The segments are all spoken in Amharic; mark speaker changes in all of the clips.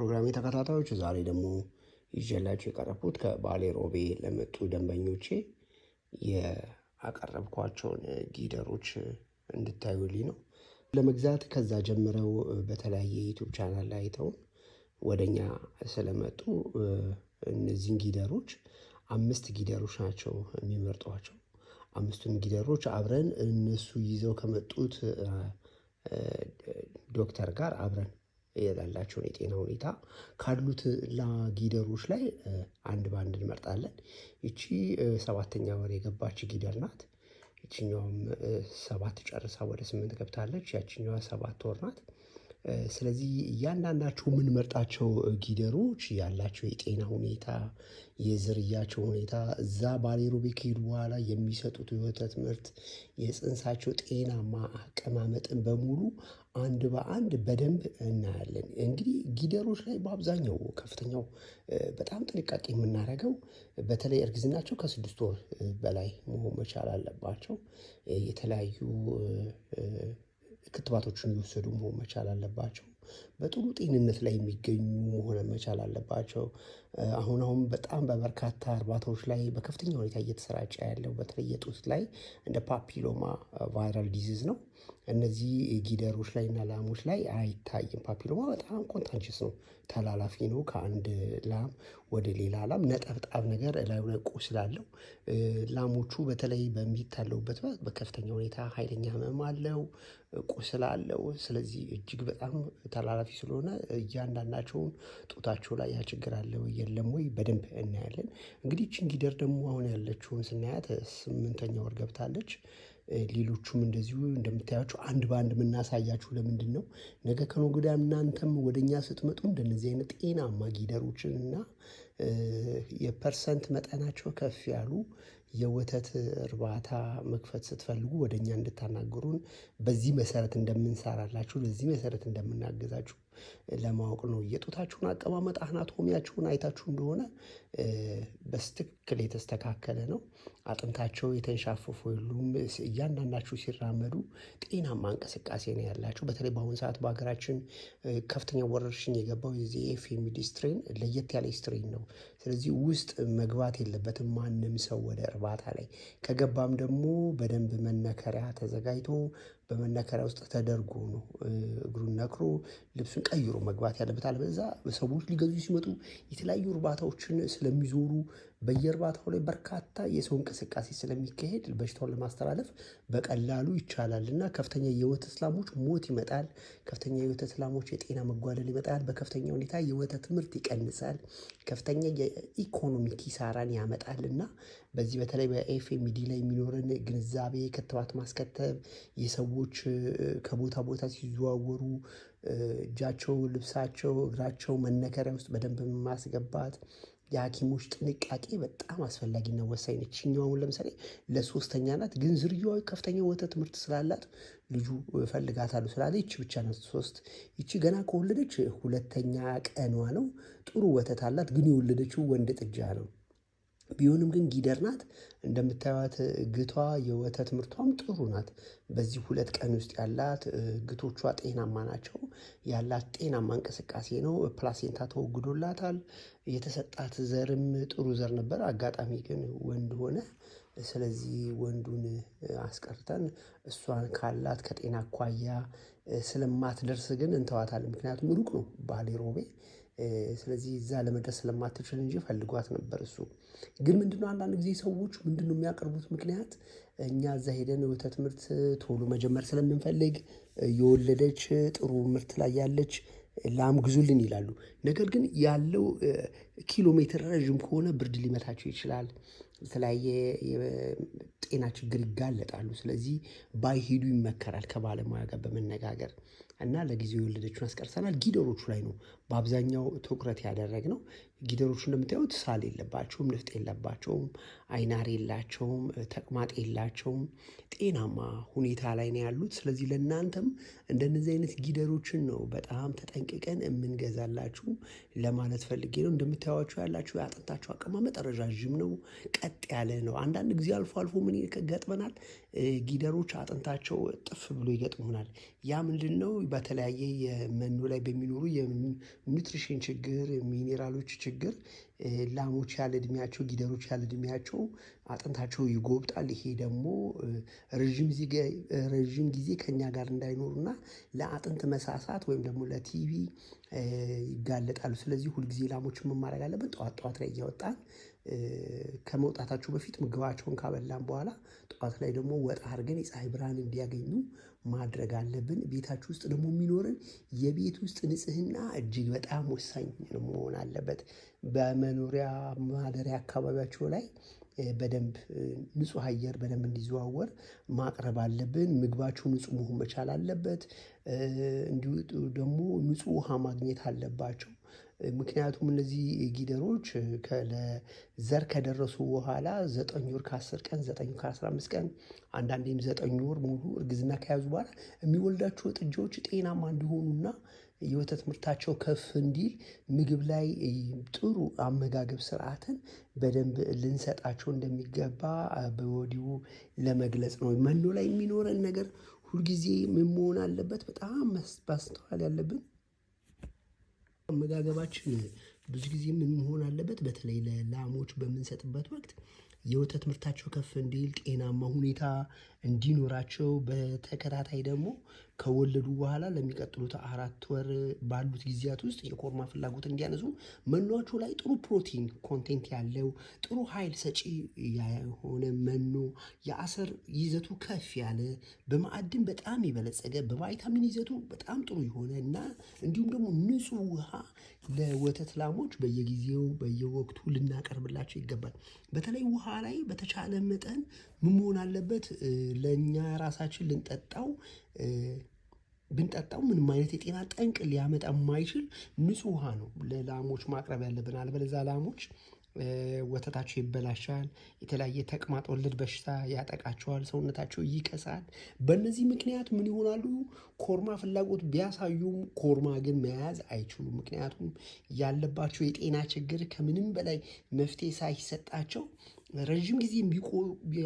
Speaker 1: የፕሮግራሜ ተከታታዮች ዛሬ ደግሞ ይዤላችሁ የቀረብኩት ከባሌ ሮቤ ለመጡ ደንበኞቼ የአቀረብኳቸውን ጊደሮች እንድታዩልኝ ነው። ለመግዛት ከዛ ጀምረው በተለያየ ዩቱብ ቻናል ላይ አይተውን ወደኛ ስለመጡ እነዚህን ጊደሮች አምስት ጊደሮች ናቸው የሚመርጧቸው። አምስቱን ጊደሮች አብረን እነሱ ይዘው ከመጡት ዶክተር ጋር አብረን ያላቸውን የጤና ሁኔታ ካሉት ጊደሮች ላይ አንድ በአንድ እንመርጣለን። ይቺ ሰባተኛ ወር የገባች ጊደር ናት። ይችኛውም ሰባት ጨርሳ ወደ ስምንት ገብታለች። ያችኛዋ ሰባት ወር ናት። ስለዚህ እያንዳንዳችሁ የምንመርጣቸው ጊደሮች ያላቸው የጤና ሁኔታ፣ የዝርያቸው ሁኔታ፣ እዛ ባሌሮቤ ከሄዱ በኋላ የሚሰጡት የወተት ምርት፣ የፅንሳቸው ጤናማ አቀማመጥን በሙሉ አንድ በአንድ በደንብ እናያለን። እንግዲህ ጊደሮች ላይ በአብዛኛው ከፍተኛው በጣም ጥንቃቄ የምናደርገው በተለይ እርግዝናቸው ከስድስት ወር በላይ መሆን መቻል አለባቸው የተለያዩ ክትባቶችን እየወሰዱ መሆን መቻል አለባቸው። በጥሩ ጤንነት ላይ የሚገኙ መሆን መቻል አለባቸው። አሁን አሁን በጣም በበርካታ እርባታዎች ላይ በከፍተኛ ሁኔታ እየተሰራጨ ያለው በተለየ ጡት ላይ እንደ ፓፒሎማ ቫይራል ዲዚዝ ነው። እነዚህ ጊደሮች ላይ እና ላሞች ላይ አይታይም። ፓፒሎማ በጣም ኮንታንጀስ ነው ተላላፊ ነው። ከአንድ ላም ወደ ሌላ ላም ነጠብጣብ ነገር እላዩ ላይ ስላለው ላሞቹ በተለይ በሚታለውበት በከፍተኛ ሁኔታ ኃይለኛ ህመም አለው፣ ቁስል አለው። ስለዚህ እጅግ በጣም ተላላፊ ስለሆነ እያንዳንዳቸውን ጡታቸው ላይ ያችግር አለው የለም ወይ በደንብ እናያለን። እንግዲህ ቺን ደግሞ አሁን ያለችውን ስናያት ስምንተኛ ወር ገብታለች። ሌሎቹም እንደዚሁ እንደምታያቸው አንድ በአንድ የምናሳያችሁ ለምንድን ነው ነገ ከኖግዳ እናንተም ወደ እኛ ስትመጡ እንደነዚህ አይነት ጤናማ ጊደሮችን እና የፐርሰንት መጠናቸው ከፍ ያሉ የወተት እርባታ መክፈት ስትፈልጉ ወደ እኛ እንድታናግሩን በዚህ መሰረት እንደምንሰራላችሁ በዚህ መሰረት እንደምናገዛችሁ ለማወቅ ነው። የጡታችሁን አቀማመጥ አናቶሚያችሁን አይታችሁ እንደሆነ በስትክክል የተስተካከለ ነው። አጥንታቸው የተንሻፈፉ የሉም። እያንዳንዳችሁ ሲራመዱ ጤናማ እንቅስቃሴ ነው ያላችሁ። በተለይ በአሁኑ ሰዓት በሀገራችን ከፍተኛ ወረርሽኝ የገባው የዚህ ኤፍኤምዲ ስትሬን ለየት ያለ ስትሬን ነው። ስለዚህ ውስጥ መግባት የለበትም ማንም ሰው ወደ እርባታ ላይ ከገባም ደግሞ በደንብ መነከሪያ ተዘጋጅቶ በመነከሪያ ውስጥ ተደርጎ ነው እግሩን ነክሮ ልብሱን ቀይሮ መግባት ያለበት። አለበለዚያ ሰዎች ሊገዙ ሲመጡ የተለያዩ እርባታዎችን ስለሚዞሩ በየእርባታው ላይ በርካታ የሰው እንቅስቃሴ ስለሚካሄድ በሽታውን ለማስተላለፍ በቀላሉ ይቻላል እና ከፍተኛ የወተት ላሞች ሞት ይመጣል። ከፍተኛ የወተት ላሞች የጤና መጓደል ይመጣል። በከፍተኛ ሁኔታ የወተት ምርት ይቀንሳል። ከፍተኛ የኢኮኖሚ ኪሳራን ያመጣል እና በዚህ በተለይ በኤፍኤምዲ ላይ የሚኖረን ግንዛቤ፣ ክትባት ማስከተብ፣ የሰዎች ከቦታ ቦታ ሲዘዋወሩ እጃቸው፣ ልብሳቸው፣ እግራቸው መነከሪያ ውስጥ በደንብ ማስገባት የሐኪሞች ጥንቃቄ በጣም አስፈላጊና ወሳኝ ነች። አሁን ለምሳሌ ለሶስተኛ ናት፣ ግን ዝርያዋ ከፍተኛ ወተት ምርት ስላላት ልጁ ፈልጋታሉ ስላለ ይቺ ብቻ ናት ሶስት። ይቺ ገና ከወለደች ሁለተኛ ቀኗ ነው። ጥሩ ወተት አላት፣ ግን የወለደችው ወንድ ጥጃ ነው። ቢሆንም ግን ጊደር ናት እንደምታዩት ግቷ የወተት ምርቷም ጥሩ ናት። በዚህ ሁለት ቀን ውስጥ ያላት ግቶቿ ጤናማ ናቸው። ያላት ጤናማ እንቅስቃሴ ነው። ፕላሴንታ ተወግዶላታል። የተሰጣት ዘርም ጥሩ ዘር ነበር። አጋጣሚ ግን ወንድ ሆነ። ስለዚህ ወንዱን አስቀርተን እሷን ካላት ከጤና አኳያ ስለማትደርስ ግን እንተዋታለን። ምክንያቱም ሩቅ ነው ባሌ ሮቤ ስለዚህ እዛ ለመድረስ ስለማትችል እንጂ ፈልጓት ነበር። እሱ ግን ምንድነው አንዳንድ ጊዜ ሰዎች ምንድነው የሚያቀርቡት ምክንያት እኛ እዛ ሄደን ወተ ትምህርት ቶሎ መጀመር ስለምንፈልግ የወለደች ጥሩ ምርት ላይ ያለች ላም ግዙልን ይላሉ። ነገር ግን ያለው ኪሎ ሜትር ረዥም ከሆነ ብርድ ሊመታቸው ይችላል። የተለያየ ጤና ችግር ይጋለጣሉ። ስለዚህ ባይሄዱ ይመከራል ከባለሙያ ጋር በመነጋገር እና ለጊዜው የወለደችውን አስቀርሰናል። ጊደሮቹ ላይ ነው በአብዛኛው ትኩረት ያደረግ ነው። ጊደሮቹ እንደምታዩት ሳል የለባቸውም፣ ንፍጥ የለባቸውም፣ አይናር የላቸውም፣ ተቅማጥ የላቸውም። ጤናማ ሁኔታ ላይ ነው ያሉት። ስለዚህ ለእናንተም እንደነዚህ አይነት ጊደሮችን ነው በጣም ተጠንቅቀን የምንገዛላችሁ ለማለት ፈልጌ ነው። እንደምታዩቸው ያላችሁ የአጥንታቸው አቀማመጥ ረዣዥም ነው፣ ቀጥ ያለ ነው። አንዳንድ ጊዜ አልፎ አልፎ ምን ይገጥመናል? ጊደሮች አጥንታቸው ጥፍ ብሎ ይገጥሙናል። ያ ምንድን ነው? በተለያየ የመኖ ላይ በሚኖሩ ኒውትሪሽን ችግር፣ ሚኔራሎች ችግር ላሞች ያለ እድሜያቸው፣ ጊደሮች ያለ እድሜያቸው አጥንታቸው ይጎብጣል። ይሄ ደግሞ ረዥም ጊዜ ከኛ ጋር እንዳይኖሩና ለአጥንት መሳሳት ወይም ደግሞ ለቲቪ ይጋለጣሉ። ስለዚህ ሁልጊዜ ላሞች ምን አለብን? ጠዋት ጠዋት ላይ እያወጣን ከመውጣታቸው በፊት ምግባቸውን ካበላን በኋላ ጠዋት ላይ ደግሞ ወጣ አድርገን የፀሐይ ብርሃን እንዲያገኙ ማድረግ አለብን። ቤታችሁ ውስጥ ደግሞ የሚኖርን የቤት ውስጥ ንጽህና እጅግ በጣም ወሳኝ መሆን አለበት። በመኖሪያ ማደሪያ አካባቢያቸው ላይ በደንብ ንጹህ አየር በደንብ እንዲዘዋወር ማቅረብ አለብን። ምግባቸው ንጹህ መሆን መቻል አለበት። እንዲሁ ደግሞ ንጹህ ውሃ ማግኘት አለባቸው። ምክንያቱም እነዚህ ጊደሮች ለዘር ከደረሱ በኋላ ዘጠኝ ወር ከአስር ቀን ዘጠኝ ወር ከአስራ አምስት ቀን አንዳንዴም ዘጠኝ ወር ሙሉ እርግዝና ከያዙ በኋላ የሚወልዳቸው ጥጃዎች ጤናማ እንዲሆኑና የወተት ምርታቸው ከፍ እንዲል ምግብ ላይ ጥሩ አመጋገብ ስርዓትን በደንብ ልንሰጣቸው እንደሚገባ በወዲሁ ለመግለጽ ነው። መኖ ላይ የሚኖረን ነገር ሁልጊዜ ምን መሆን አለበት? በጣም ማስተዋል ያለብን አመጋገባችን ብዙ ጊዜ ምን መሆን አለበት? በተለይ ለላሞች በምንሰጥበት ወቅት የወተት ምርታቸው ከፍ እንዲል ጤናማ ሁኔታ እንዲኖራቸው በተከታታይ ደግሞ ከወለዱ በኋላ ለሚቀጥሉት አራት ወር ባሉት ጊዜያት ውስጥ የኮርማ ፍላጎት እንዲያነሱ መኗቸው ላይ ጥሩ ፕሮቲን ኮንቴንት ያለው ጥሩ ኃይል ሰጪ የሆነ መኖ የአሰር ይዘቱ ከፍ ያለ በማዕድን በጣም የበለጸገ በቫይታሚን ይዘቱ በጣም ጥሩ የሆነ እና እንዲሁም ደግሞ ንጹህ ውሃ ለወተት ላሞች በየጊዜው በየወቅቱ ልናቀርብላቸው ይገባል። በተለይ ውሃ ላይ በተቻለ መጠን ምን መሆን አለበት? ለእኛ ራሳችን ልንጠጣው ብንጠጣው ምንም አይነት የጤና ጠንቅ ሊያመጣ የማይችል ንጹህ ውሃ ነው ለላሞች ማቅረብ ያለብን። አለበለዚያ ላሞች ወተታቸው ይበላሻል፣ የተለያየ ተቅማጥ ወለድ በሽታ ያጠቃቸዋል፣ ሰውነታቸው ይከሳል። በእነዚህ ምክንያት ምን ይሆናሉ? ኮርማ ፍላጎት ቢያሳዩም ኮርማ ግን መያዝ አይችሉም። ምክንያቱም ያለባቸው የጤና ችግር ከምንም በላይ መፍትሄ ሳይሰጣቸው ረዥም ጊዜ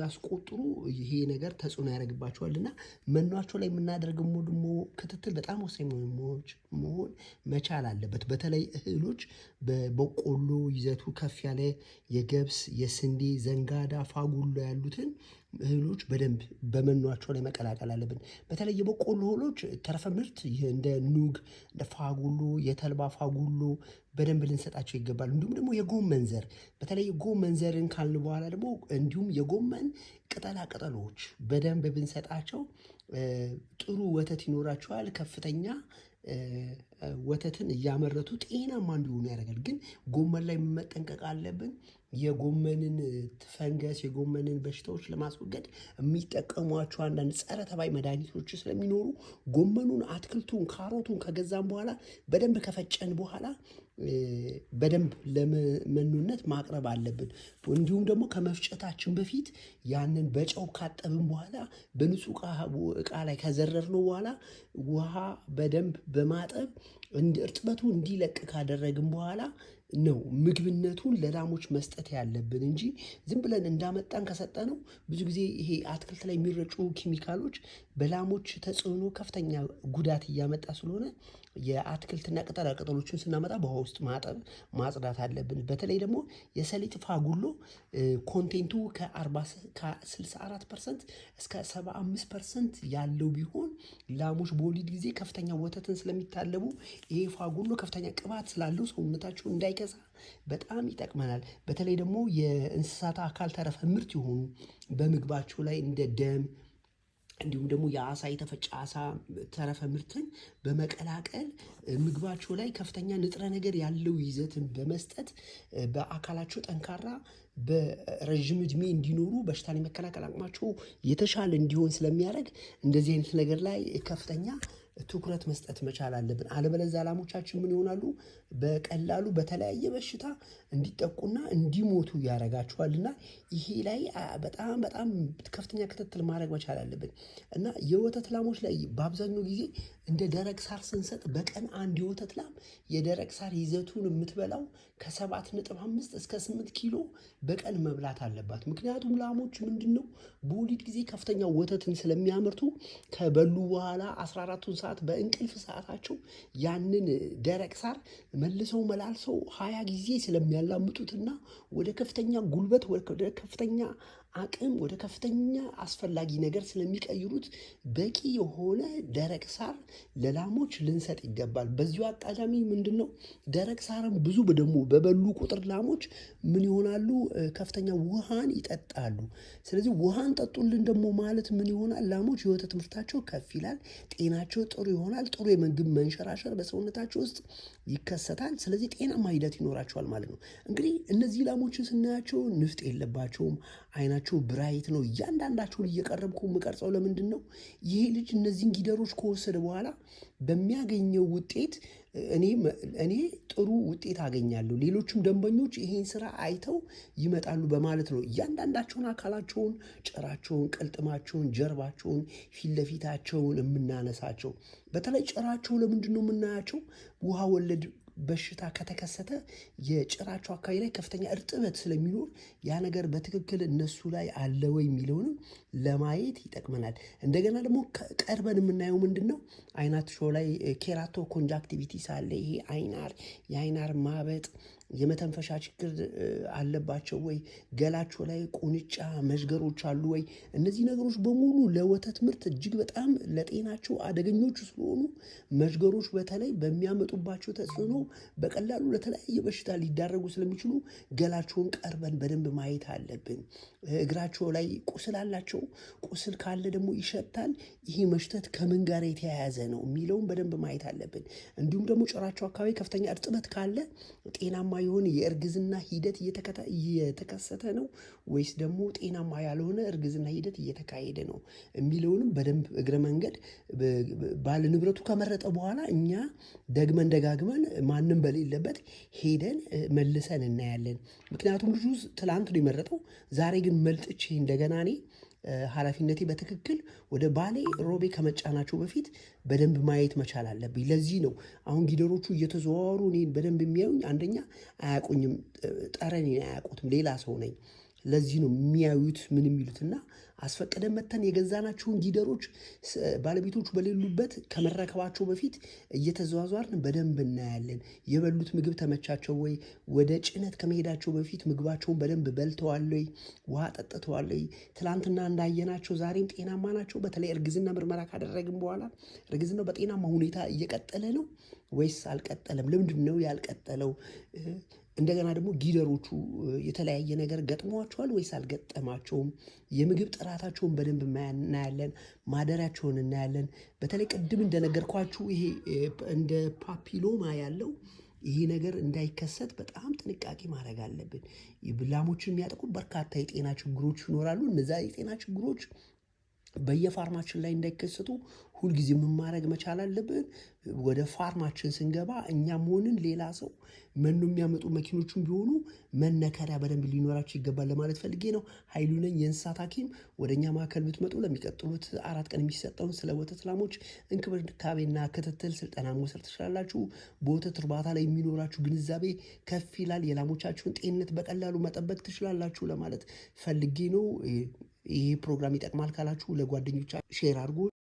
Speaker 1: ያስቆጥሩ ይሄ ነገር ተጽዕኖ ያደርግባቸዋል እና መኗቸው ላይ የምናደርግ ደግሞ ክትትል በጣም ወሳኝ መሆን መቻል አለበት። በተለይ እህሎች በቆሎ ይዘቱ ከፍ ያለ የገብስ፣ የስንዴ፣ ዘንጋዳ፣ ፋጉሎ ያሉትን እህሎች በደንብ በመኗቸው ላይ መቀላቀል አለብን። በተለይ የበቆሎ እህሎች ተረፈ ምርት እንደ ኑግ፣ እንደ ፋጉሎ፣ የተልባ ፋጉሎ በደንብ ልንሰጣቸው ይገባል። እንዲሁም ደግሞ የጎመን ዘር በተለይ ጎመን ዘርን ካልን በኋላ ደግሞ እንዲሁም የጎመን ቅጠላ ቅጠሎች በደንብ ብንሰጣቸው ጥሩ ወተት ይኖራቸዋል። ከፍተኛ ወተትን እያመረቱ ጤናማ እንዲሆኑ ያደርጋል። ግን ጎመን ላይ መጠንቀቅ አለብን። የጎመንን ፈንገስ የጎመንን በሽታዎች ለማስወገድ የሚጠቀሟቸው አንዳንድ ጸረ ተባይ መድኃኒቶች ስለሚኖሩ ጎመኑን፣ አትክልቱን፣ ካሮቱን ከገዛም በኋላ በደንብ ከፈጨን በኋላ በደንብ ለመኖነት ማቅረብ አለብን። እንዲሁም ደግሞ ከመፍጨታችን በፊት ያንን በጨው ካጠብን በኋላ በንጹህ እቃ ላይ ከዘረርነው በኋላ ውሃ በደንብ በማጠብ እርጥበቱ እንዲለቅ ካደረግን በኋላ ነው ምግብነቱን ለላሞች መስጠት ያለብን እንጂ ዝም ብለን እንዳመጣን ከሰጠ ነው ብዙ ጊዜ ይሄ አትክልት ላይ የሚረጩ ኬሚካሎች በላሞች ተጽዕኖ ከፍተኛ ጉዳት እያመጣ ስለሆነ የአትክልትና ቅጠላ ቅጠሎችን ስናመጣ በውሃ ውስጥ ማጠብ ማጽዳት አለብን። በተለይ ደግሞ የሰሊጥ ፋጉሎ ኮንቴንቱ ከ64 ፐርሰንት እስከ 75 ፐርሰንት ያለው ቢሆን ላሞች በወሊድ ጊዜ ከፍተኛ ወተትን ስለሚታለቡ ይሄ ፋጉሎ ከፍተኛ ቅባት ስላለው ሰውነታቸው እንዳይከሳ በጣም ይጠቅመናል። በተለይ ደግሞ የእንስሳት አካል ተረፈ ምርት የሆኑ በምግባቸው ላይ እንደ ደም እንዲሁም ደግሞ የአሳ የተፈጨ አሳ ተረፈ ምርትን በመቀላቀል ምግባቸው ላይ ከፍተኛ ንጥረ ነገር ያለው ይዘትን በመስጠት በአካላቸው ጠንካራ በረዥም እድሜ እንዲኖሩ በሽታን የመከላከል አቅማቸው የተሻለ እንዲሆን ስለሚያደርግ እንደዚህ አይነት ነገር ላይ ከፍተኛ ትኩረት መስጠት መቻል አለብን። አለበለዚያ ላሞቻችን ምን ይሆናሉ? በቀላሉ በተለያየ በሽታ እንዲጠቁና እንዲሞቱ እና ይሄ ላይ በጣም በጣም ከፍተኛ ክትትል ማድረግ መቻል አለብን እና የወተት ላሞች ላይ በአብዛኛው ጊዜ እንደ ደረቅ ሳር ስንሰጥ በቀን አንድ የወተት ላም የደረቅ ሳር ይዘቱን የምትበላው ከሰባት ነጥብ አምስት እስከ ስምንት ኪሎ በቀን መብላት አለባት። ምክንያቱም ላሞች ምንድን ነው በወሊድ ጊዜ ከፍተኛ ወተትን ስለሚያመርቱ ከበሉ በኋላ አስራ አራቱን ሰዓት በእንቅልፍ ሰዓታቸው ያንን ደረቅ ሳር መልሰው መላልሰው ሀያ ጊዜ ስለሚያላምጡትና ወደ ከፍተኛ ጉልበት ወደ ከፍተኛ አቅም ወደ ከፍተኛ አስፈላጊ ነገር ስለሚቀይሩት በቂ የሆነ ደረቅ ሳር ለላሞች ልንሰጥ ይገባል። በዚሁ አጣዳሚ ምንድን ነው ደረቅ ሳርም ብዙ ደግሞ በበሉ ቁጥር ላሞች ምን ይሆናሉ? ከፍተኛ ውሃን ይጠጣሉ። ስለዚህ ውሃን ጠጡልን ደግሞ ማለት ምን ይሆናል? ላሞች የወተት ምርታቸው ከፍ ይላል፣ ጤናቸው ጥሩ ይሆናል። ጥሩ የምግብ መንሸራሸር በሰውነታቸው ውስጥ ይከሰታል። ስለዚህ ጤናማ ሂደት ይኖራቸዋል ማለት ነው። እንግዲህ እነዚህ ላሞችን ስናያቸው ንፍጥ የለባቸውም አይናቸው አይናቸው ብራይት ነው። እያንዳንዳቸውን እየቀረብኩ የምቀርጸው ለምንድን ነው? ይሄ ልጅ እነዚህን ጊደሮች ከወሰደ በኋላ በሚያገኘው ውጤት እኔ ጥሩ ውጤት አገኛለሁ፣ ሌሎችም ደንበኞች ይሄን ስራ አይተው ይመጣሉ በማለት ነው እያንዳንዳቸውን አካላቸውን፣ ጭራቸውን፣ ቅልጥማቸውን፣ ጀርባቸውን፣ ፊት ለፊታቸውን የምናነሳቸው። በተለይ ጭራቸው ለምንድን ነው የምናያቸው ውሃ ወለድ በሽታ ከተከሰተ የጭራቸው አካባቢ ላይ ከፍተኛ እርጥበት ስለሚኖር ያ ነገር በትክክል እነሱ ላይ አለ ወይ የሚለውንም ለማየት ይጠቅመናል። እንደገና ደግሞ ቀርበን የምናየው ምንድን ነው አይናት ሾ ላይ ኬራቶ ኮንጃክቲቪቲስ አለ። ይሄ አይናር የአይናር ማበጥ የመተንፈሻ ችግር አለባቸው ወይ? ገላቸው ላይ ቁንጫ መዥገሮች አሉ ወይ? እነዚህ ነገሮች በሙሉ ለወተት ምርት እጅግ በጣም ለጤናቸው አደገኞች ስለሆኑ መዥገሮች በተለይ በሚያመጡባቸው ተጽዕኖ በቀላሉ ለተለያየ በሽታ ሊዳረጉ ስለሚችሉ ገላቸውን ቀርበን በደንብ ማየት አለብን። እግራቸው ላይ ቁስል አላቸው? ቁስል ካለ ደግሞ ይሸታል። ይሄ መሽተት ከምን ጋር የተያያዘ ነው የሚለውን በደንብ ማየት አለብን። እንዲሁም ደግሞ ጭራቸው አካባቢ ከፍተኛ እርጥበት ካለ ጤናማ ጤናማ የሆነ የእርግዝና ሂደት እየተከሰተ ነው ወይስ ደግሞ ጤናማ ያልሆነ እርግዝና ሂደት እየተካሄደ ነው የሚለውንም በደንብ እግረ መንገድ ባለ ንብረቱ ከመረጠ በኋላ እኛ ደግመን ደጋግመን ማንም በሌለበት ሄደን መልሰን እናያለን። ምክንያቱም ልጁ ትላንት ነው የመረጠው። ዛሬ ግን መልጥቼ እንደገና እኔ ኃላፊነቴ በትክክል ወደ ባሌ ሮቤ ከመጫናቸው በፊት በደንብ ማየት መቻል አለብኝ። ለዚህ ነው አሁን ጊደሮቹ እየተዘዋወሩ እኔን በደንብ የሚያዩኝ። አንደኛ አያውቁኝም፣ ጠረኔን አያውቁትም፣ ሌላ ሰው ነኝ። ለዚህ ነው የሚያዩት ምን የሚሉትና አስፈቅደን መተን የገዛናቸውን ጊደሮች ባለቤቶቹ በሌሉበት ከመረከባቸው በፊት እየተዘዋዟርን በደንብ እናያለን። የበሉት ምግብ ተመቻቸው ወይ? ወደ ጭነት ከመሄዳቸው በፊት ምግባቸውን በደንብ በልተዋል ወይ? ውሃ ጠጥተዋል ወይ? ትላንትና እንዳየናቸው ዛሬም ጤናማ ናቸው? በተለይ እርግዝና ምርመራ ካደረግን በኋላ እርግዝናው በጤናማ ሁኔታ እየቀጠለ ነው ወይስ አልቀጠለም? ለምንድን ነው ያልቀጠለው? እንደገና ደግሞ ጊደሮቹ የተለያየ ነገር ገጥሟቸዋል ወይስ አልገጠማቸውም? የምግብ ጥራታቸውን በደንብ እናያለን። ማደሪያቸውን እናያለን። በተለይ ቅድም እንደነገርኳችሁ ይሄ እንደ ፓፒሎማ ያለው ይሄ ነገር እንዳይከሰት በጣም ጥንቃቄ ማድረግ አለብን። ላሞችን የሚያጠቁ በርካታ የጤና ችግሮች ይኖራሉ። እነዛ የጤና ችግሮች በየፋርማችን ላይ እንዳይከሰቱ ሁልጊዜ የምማረግ መቻል አለብን። ወደ ፋርማችን ስንገባ እኛም ሆንን ሌላ ሰው መኖ የሚያመጡ መኪኖችን ቢሆኑ መነከሪያ በደንብ ሊኖራቸው ይገባል ለማለት ፈልጌ ነው። ኃይሉ ነኝ የእንስሳት ሐኪም። ወደ እኛ ማዕከል ብትመጡ ለሚቀጥሉት አራት ቀን የሚሰጠውን ስለ ወተት ላሞች እንክብካቤና ክትትል ስልጠና መውሰድ ትችላላችሁ። በወተት እርባታ ላይ የሚኖራችሁ ግንዛቤ ከፍ ይላል። የላሞቻችሁን ጤንነት በቀላሉ መጠበቅ ትችላላችሁ ለማለት ፈልጌ ነው። ይህ ፕሮግራም ይጠቅማል ካላችሁ ለጓደኞቻችሁ ሼር አድርጉ።